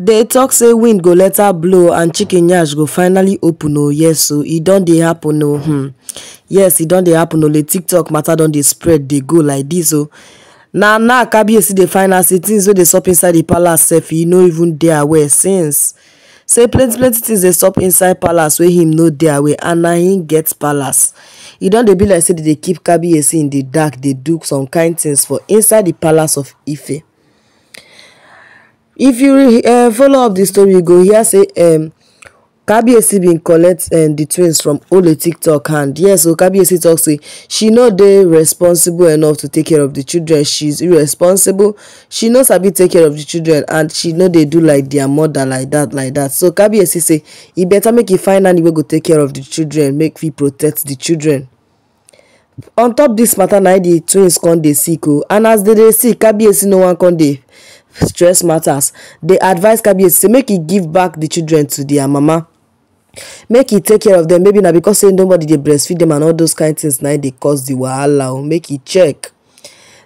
They talk say wind go later blow and chicken yash go finally open oh yes so e don dey happen oh hmm yes e don dey happen oh the tiktok matter don dey spread dey go like this oh na now kabiyesi dey find out say things wey dey sup inside the palace sef e no even dey aware since say plenty plenty things dey sup inside palace wey him no dey aware and na him get palace e don dey be like say dey dey keep kabiyesi in the dark dey do some kind things for inside the palace of ife if you um follow up the story you go hear say um kabiyesi bin collect um, the twins from ole tiktok hand yes o so kabiyesi tok say she no dey responsible enough to take care of the children She's irresponsible she no sabi take care of the children and she no dey do like their mother like that like that. so kabiyesi say e better make e find nanny wey go take care of the children make fit protect the children. on top dis matter, na e the twins come dey sick o oh. and as dem dey sick kabiyesi no wan come dey stress matters They advise kabiyesi say make he give back the children to their mama make he take care of them maybe na because say nobody dey breastfeed them and all those kind things na dey cause the wahala o make he check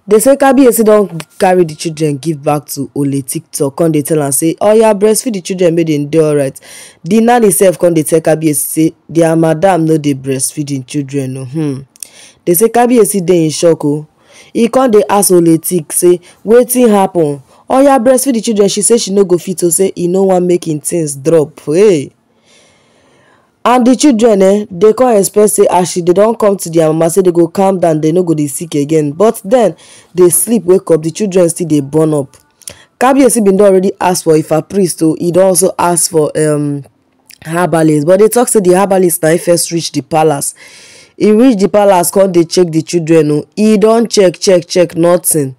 They say kabiyesi don carry the children give back to ole tiktok come dey tell am say oya oh, breastfeed the children make dem dey alright di nanny sef come dey tell kabiyesi say their madam no dey breastfeed im children o hmm. They say kabiyesi dey in shock o e come dey ask ole tik say wetin happen oya breastfeed di children she say she no go fit to say e no wan make im tins drop hey. and the children eh dey come expect say as she dey don come to their mama say they go calm down They no go dey sick again but then they sleep wake up The children still dey burn up kabiyesi bin don already ask for ifa priest o oh, e don also ask for um, herbalist but dey tok say di herbalist na first reach the palace e reach the palace come dey check the children o oh. e don check check check nothing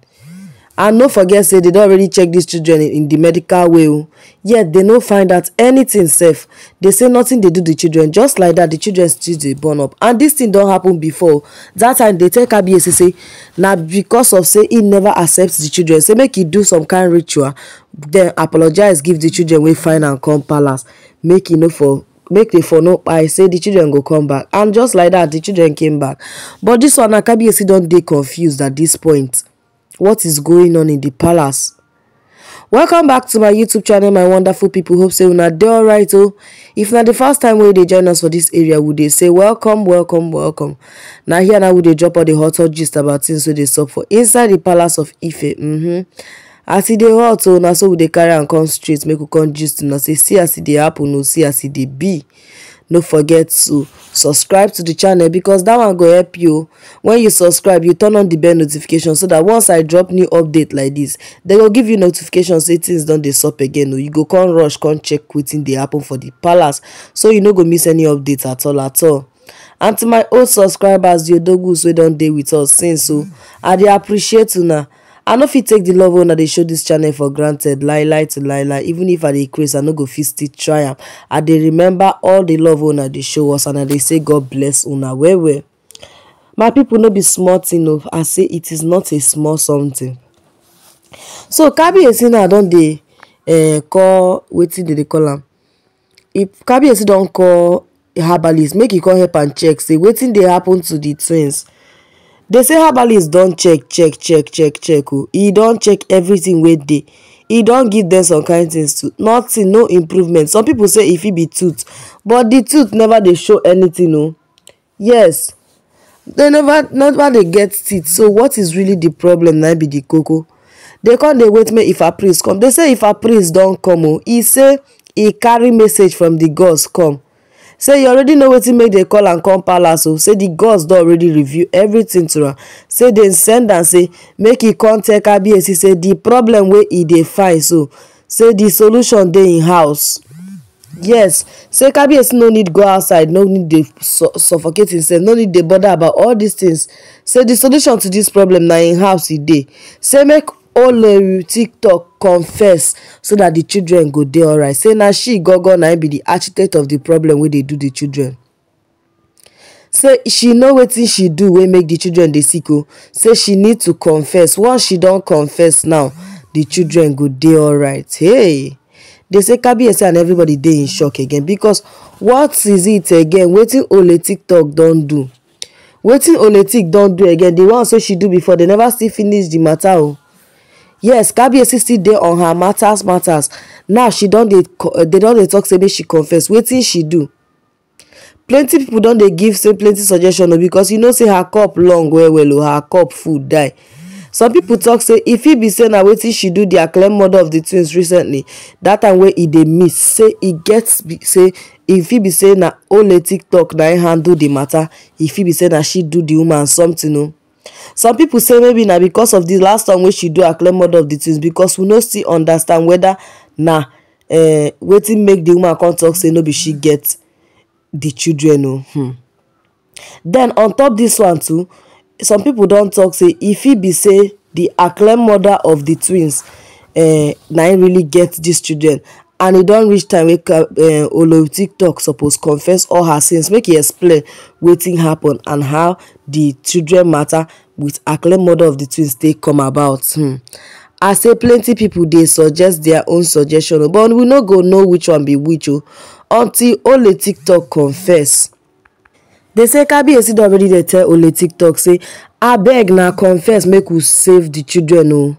and no forget say they don already check dis children in the medical way o oh. yet they no find out anything sef They say nothing dey do the children just like that. The children still dey burn up and this thing don happen before that time They tell kbac say na because of say he never accept the children say make he do some kind ritual Then apologize, give the children wey find am come palace make he no for make they for no kpai say the children go come back and just like that, the children came back but this one na kbac don dey confused at this point what is going on in the palace welcome back to my youtube channel my wonderful people hope say una dey alright Oh, if not, the first time where they join us for this area would they say welcome welcome welcome Now here now, would they drop all the hot hot gist about things so they sup for inside the palace of ife mm-hmm. as e dey hot oh, so, now so would they carry and come straight make a come gist una say see as e dey happen o oh, see as e dey be no forget to subscribe to the channel because that one go help you when you subscribe you turn on the bell notification so that once i drop new update like this they go give you notification say things don't dey sup again o you go come rush come check wetin dey happen for the palace so you no go miss any update at all at all and to my old subscribers the odogus wey don day with us since so i dey appreciate now i no fit take the love wey they show this channel for granted lai to lai even if i dey craze i no go fit still try am i dey remember all the love wey they show us and i dey say god bless una well well my people no be smart enough. i say it is not a small something so Kabi, kabiyesi now don dey eh, call waiting? wetin dem dey call am kabiyesi don't call herbalist make you come help and check say waiting. They happen to the twins they say herbalist don check check check check check o oh. he don check everything wey dey he don give them some kind things too nothing no improvement some people say e fit be tooth but the tooth never dey show anything o oh. yes they never never dey get teeth so what is really the problem na be the koko they come dey wait make ifa priest come they say ifa priest don come o oh, he say he carry message from the gods come say you already know wetin make dey call am come palace o oh. say the gods don already review everything to am say dem send am say make e come tell kabiyesi say the problem wey e dey find so oh. say the solution dey im house yes say kabiyesi no need go outside no need dey suffocate himself no need dey bother about all these things say the solution to this problem na im house e dey say make oleru tiktok confess so dat di children go dey alright say na she gangan na im be di architect of di problem wey dey do di children say she know wetin she do wey make di children dey sick o oh. say she need to confess once she don confess now di children go dey alright hey dey say kabiyesi and everybody dey in shock again because what is it again wetin ole tiktok don do wetin ole tik don do again di ones wey she do before dey never still finish di matter o oh yes kabiyesi still dey on her matters matters now she don dey eh, they don dey talk say make she confess wetin she do plenty pipo don dey give say plenty suggestion o oh, because you know say her cup long well well o oh, her cup full die some pipo talk say e fit be say na wetin she do di acclaimed mother of di twins recently dat time wey e dey miss say e get say e fit be say na only tiktok na im e handle di mata e fit be say na she do di woman something o oh some pipo say maybe na becos of di last song wey she do aklemod of di twins becos we no still understand weda na eh, wetin make di woman come tok say no be she get di children o hmm den on top dis one too some pipo don tok say e fit be say di acclaimed mother of di twins eh, na im really get dis children and e don reach time wey eh, olori TikTok suppose confess all her sins make e explain wetin happen and how di children matter with akle mother of di twins take come about um i say plenty pipo dey suggest dia own suggestion oh, but we no go know which one be which o oh, until ole tiktok confess dey say kabiyesi don already dey tell ole tiktok say abeg na confess make we save di children o oh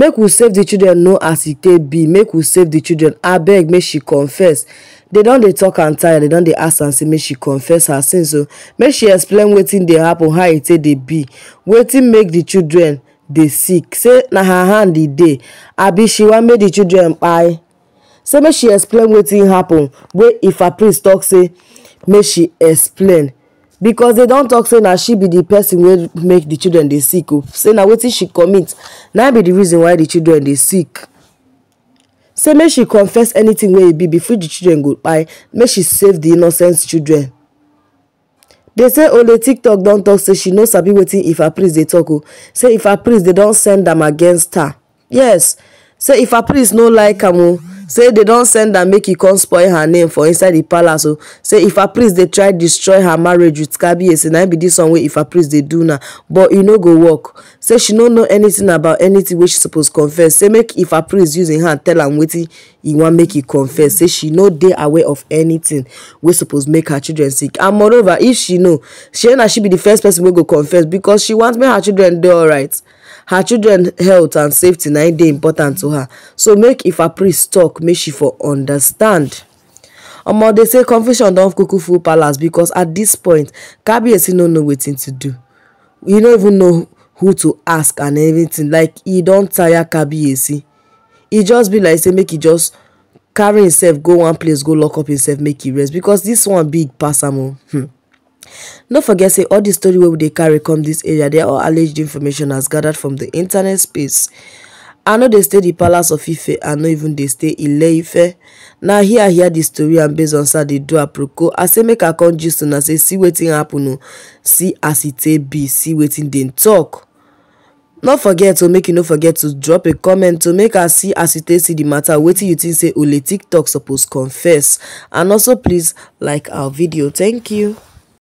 make we save the children know as e take be make we save the children abeg make she confess They don dey talk am tire They don dey ask am say make she confess her sins o oh. make she explain wetin dey happen how e take dey be wetin make the children dey sick say na her hand e dey abi she wan make the children kpai say make she explain wetin happen wey ifa priest talk say make she explain because they don talk, say na she be the person wey make the children dey sick o oh. say na wetin she commit na be the reason why the children dey sick say make she confess anything wey e be before the children go kpai make she save the innocent children They say only tiktok don talk. say she no sabi wetin if her priest dey talk. o oh. say if her priest dey don send am against her yes say if her priest no like am o oh say they don't send am make he come spoil her name for inside the palace So oh. say if a priest they try destroy her marriage with kabiyesi na be dis one if a priest they do now but e no go work say she no know anything about anytin wey she suppose confess say make if a priest using her hand tell him wetin he want make he confess say she no dey aware of anytin wey suppose make her children sick and moreover if she know she and she be the first person wey go confess because she wants make her children do all right her children health and safety na dey important to her so make if ifa priest talk, make she for understand omo they say confusion don kuku full palace because at this point kabiyesi no know wetin to do He no even know who to ask and everything like he don tire kabiyesi e just be like say make he just carry himself go one place go lock up himself make he rest because this one big pass am o. Hmm no forget say all the story wey we dey carry come this area They all alleged information as gathered from the internet space i know they stay the palace of ife i know even they stay ile ife na here i hear the story and based on sir they do a aproko i say make i come gist una say see wetin happen o oh. see as it take be see what thing they talk no forget to oh, make you no forget to drop a comment to oh. make us see as you take see the matter wetin you think say only tiktok suppose confess and also please like our video thank you